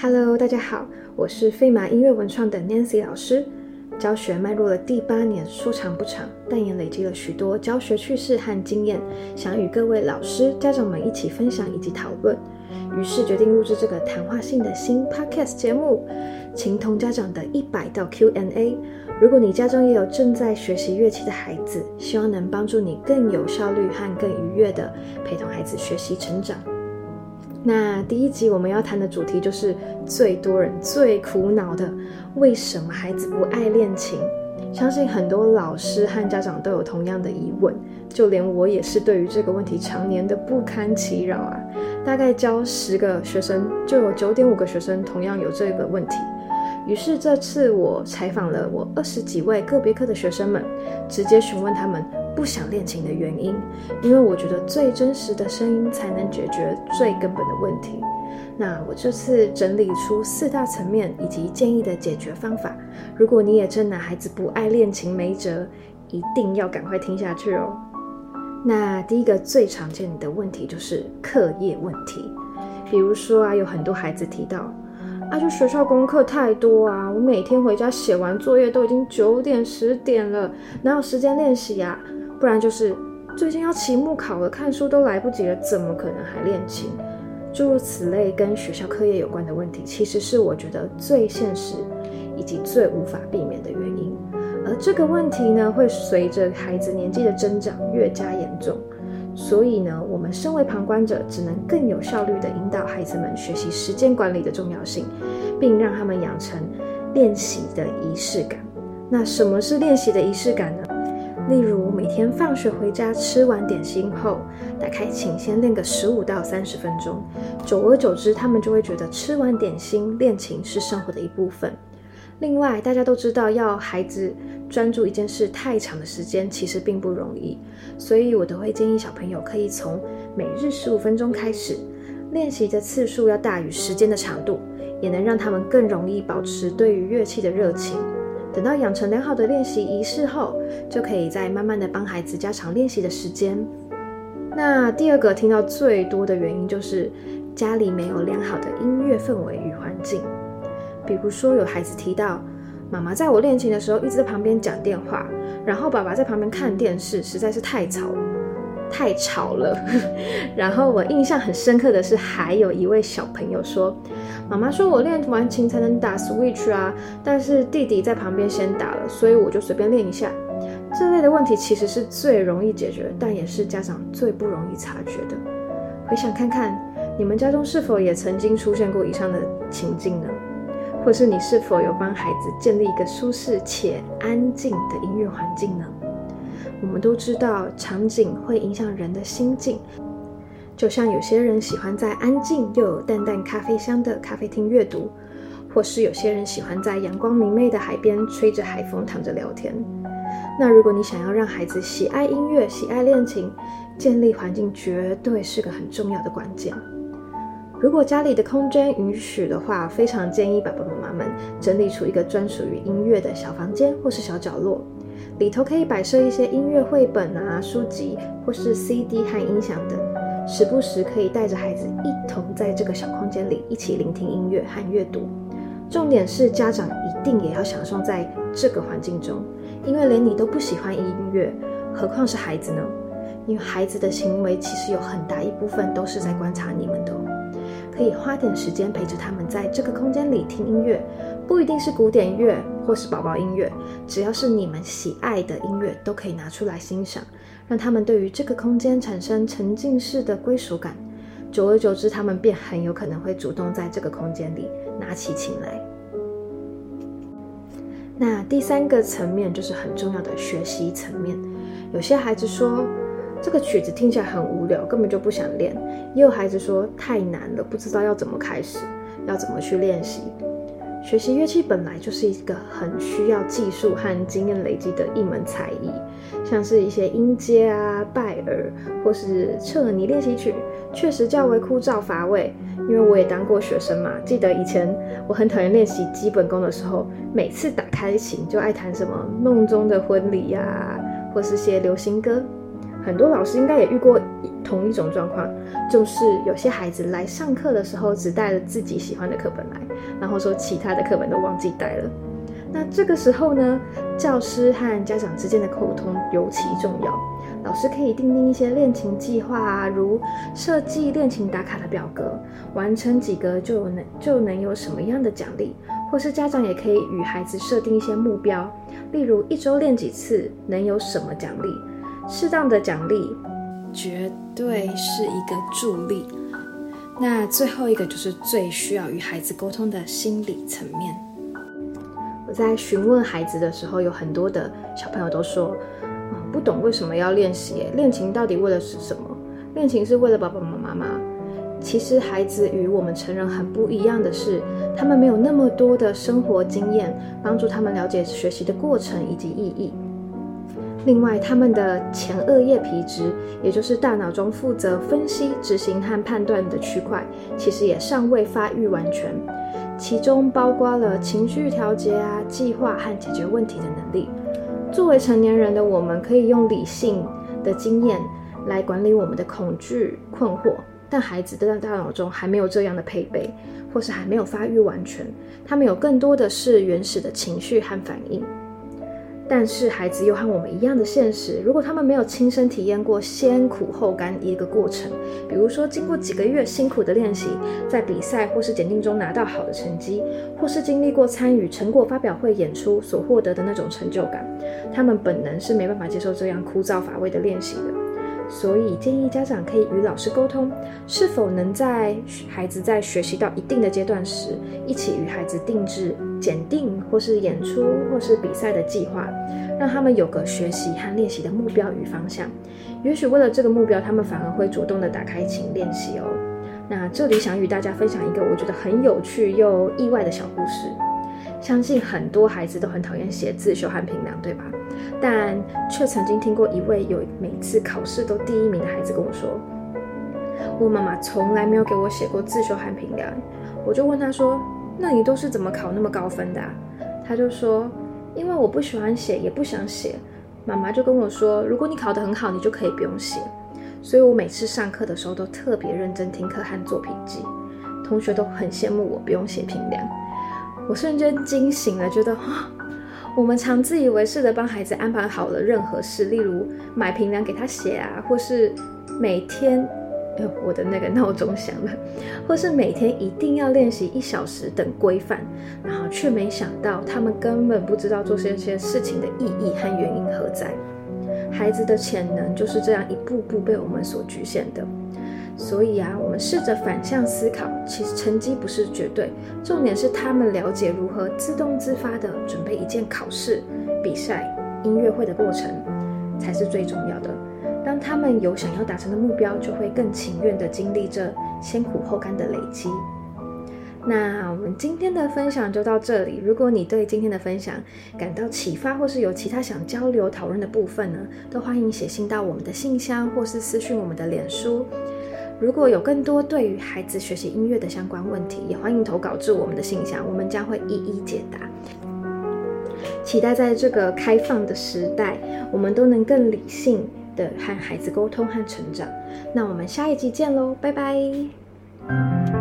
Hello，大家好，我是飛馬音樂文創的 Nancy 老師。教學邁入了第八年，說長不長，但也累積了許多教學趣事和經驗，想與各位老師、家長們一起分享以及討論，於是決定錄製這個談話性的新 podcast 節目——琴童家長的一百道 Q&A。如果你家中也有正在學習樂器的孩子，希望能幫助你更有效率和更愉悅的陪同孩子學習成長。那第一集我們要談的主題就是最多人最苦惱的，為什麼孩子不愛練琴？相信很多老師和家長都有同樣的疑問，就連我也是對於這個問題常年的不堪其擾啊。大概教十個學生，就有九點五個學生同樣有這個問題。於是這次我採訪了我二十幾位個別課的學生們，直接詢問他們。不想練琴的原因，因為我覺得最真實的聲音才能解決最根本的問題。那我這次整理出四大層面以及建議的解決方法。如果你也正拿孩子不愛練琴沒轍，一定要趕快聽下去哦。那第一個最常見的問題就是課業問題，比如說啊，有很多孩子提到啊，就學校功課太多啊，我每天回家寫完作業都已經九點十點了，哪有時間練習呀、啊？不然就是最近要期末考了，看書都來不及了，怎麼可能還練琴？諸如此類跟學校課業有關的問題，其實是我覺得最現實以及最無法避免的原因。而這個問題呢，會隨着孩子年紀的增長越加嚴重。所以呢，我們身為旁觀者，只能更有效率地引導孩子們學習時間管理的重要性，並讓他們養成練習的儀式感。那什麼是練習的儀式感呢？例如每天放學回家吃完點心後，打開琴先練個十五到三十分鐘，久而久之，他們就會覺得吃完點心練琴是生活的一部分。另外，大家都知道要孩子專注一件事太長的時間其實並不容易，所以我都會建議小朋友可以從每日十五分鐘開始，練習的次數要大於時間的長度，也能讓他們更容易保持對於樂器的熱情。等到養成良好的練習儀式後，就可以再慢慢的幫孩子加長練習的時間。那第二個聽到最多的原因就是家裡沒有良好的音樂氛圍與環境。比如說有孩子提到，媽媽在我練琴的時候一直在旁邊講電話，然後爸爸在旁邊看電視，實在是太吵，太吵了。 然後我印象很深刻的是，還有一位小朋友說。媽媽說：“我練完琴才能打 Switch 啊！”但是弟弟在旁邊先打了，所以我就隨便練一下。這類的問題其實是最容易解決，但也是家長最不容易察覺的。回想看看，你們家中是否也曾經出現過以上的情境呢？或是你是否有幫孩子建立一個舒適且安靜的音樂環境呢？我們都知道，場景會影響人的心境。就像有些人喜歡在安靜又有淡淡咖啡香的咖啡廳閱讀，或是有些人喜歡在陽光明媚的海邊吹着海風躺着聊天。那如果你想要讓孩子喜愛音樂、喜愛練琴，建立環境絕對是個很重要的關鍵。如果家裡的空間允許的話，非常建議爸爸媽媽們整理出一個專屬於音樂的小房間或是小角落，裡頭可以擺設一些音樂繪本啊、書籍或是 CD 和音響等。時不時可以帶着孩子一同在這個小空間裡一起聆聽音樂和閱讀。重點是家長一定也要享受在這個環境中，因為連你都不喜歡音樂，何況是孩子呢？因為孩子的行為其實有很大一部分都是在觀察你們的。可以花點時間陪着他們在這個空間裡聽音樂，不一定是古典樂或是寶寶音樂，只要是你們喜愛的音樂都可以拿出來欣賞。讓他們對於這個空間產生沉浸式的歸屬感，久而久之，他們便很有可能會主動在這個空間裡拿起琴來。那第三個層面就是很重要的學習層面。有些孩子說這個曲子聽起來很無聊，根本就不想練；也有孩子說太難了，不知道要怎麼開始，要怎麼去練習。學習樂器本來就是一個很需要技術和經驗累積的一門才藝，像是一些音階啊、拜耳或是徹尼練習曲，確實較為枯燥乏味。因為我也當過學生嘛，記得以前我很討厭練習基本功的時候，每次打開琴就愛彈什麼夢中的婚禮呀、啊，或是些流行歌。很多老師應該也遇過。同一種狀況，就是有些孩子來上課的時候只帶了自己喜歡的課本來，然後說其他的課本都忘記帶了。那這個時候呢，教師和家長之間的溝通尤其重要。老師可以訂定一些練琴計劃啊，如設計練琴打卡的表格，完成幾個就能就能有什麼樣的獎勵，或是家長也可以與孩子設定一些目標，例如一周練幾次能有什麼獎勵，適當的獎勵。絕對是一個助力。那最後一個就是最需要與孩子溝通的心理層面。我在詢問孩子的時候，有很多的小朋友都說，不懂為什麼要練習，練琴到底為了什麼？練琴是為了爸爸媽媽嗎？其實孩子與我們成人很不一樣的是，他們沒有那麼多的生活經驗，幫助他們了解學習的過程以及意義。另外，他們的前額葉皮質，也就是大腦中負責分析、執行和判斷的區塊，其實也尚未發育完全，其中包括了情緒調節啊、計劃和解決問題的能力。作為成年人的我們，可以用理性的經驗來管理我們的恐懼、困惑，但孩子的大腦中還沒有這樣的配備，或是還沒有發育完全，他們有更多的是原始的情緒和反應。但是孩子又和我們一樣的現實，如果他們沒有親身體驗過先苦後甘一個過程，比如說經過幾個月辛苦的練習，在比賽或是檢定中拿到好的成績，或是經歷過參與成果發表會演出所獲得的那種成就感，他們本能是沒辦法接受這樣枯燥乏味的練習的。所以建議家長可以與老師溝通，是否能在孩子在學習到一定的階段時，一起與孩子定制檢定或是演出或是比賽的計劃，讓他們有個學習和練習的目標與方向。也許為了這個目標，他們反而會主動的打開琴練習哦。那這裡想與大家分享一個我覺得很有趣又意外的小故事。相信很多孩子都很討厭寫自修和評量，對吧？但卻曾經聽過一位有每次考試都第一名的孩子跟我說：“我媽媽從來沒有給我寫過自修和評量”。我就問他說：“那你都是怎麼考那麼高分的啊？”他就說：“因為我不喜歡寫，也不想寫，媽媽就跟我說，如果你考得很好，你就可以不用寫。所以，我每次上課的時候都特別認真聽課和做筆記，同學都很羨慕我不用寫評量。”我瞬間驚醒了，覺得、哦，我們常自以為是的幫孩子安排好了任何事，例如買評量給他寫啊，或是每天、呃，我的那個鬧鐘響了，或是每天一定要練習一小時等規範，然後卻沒想到他們根本不知道做這些事情的意義和原因何在。孩子的潛能就是這樣一步步被我們所局限的。所以啊，我們試着反向思考，其實成績不是絕對，重點是他們了解如何自動自發的準備一件考試、比賽、音樂會的過程，才是最重要的。當他們有想要達成的目標，就會更情願的經歷這先苦後甘的累積。那我們今天的分享就到這裡。如果你對今天的分享感到啟發，或是有其他想交流討論的部分呢，都歡迎寫信到我們的信箱，或是私訊我們的臉書。如果有更多對於孩子學習音樂的相關問題，也歡迎投稿至我們的信箱，我們將會一一解答。期待在這個開放的時代，我們都能更理性的和孩子溝通和成長。那我們下一集見嘍，拜拜。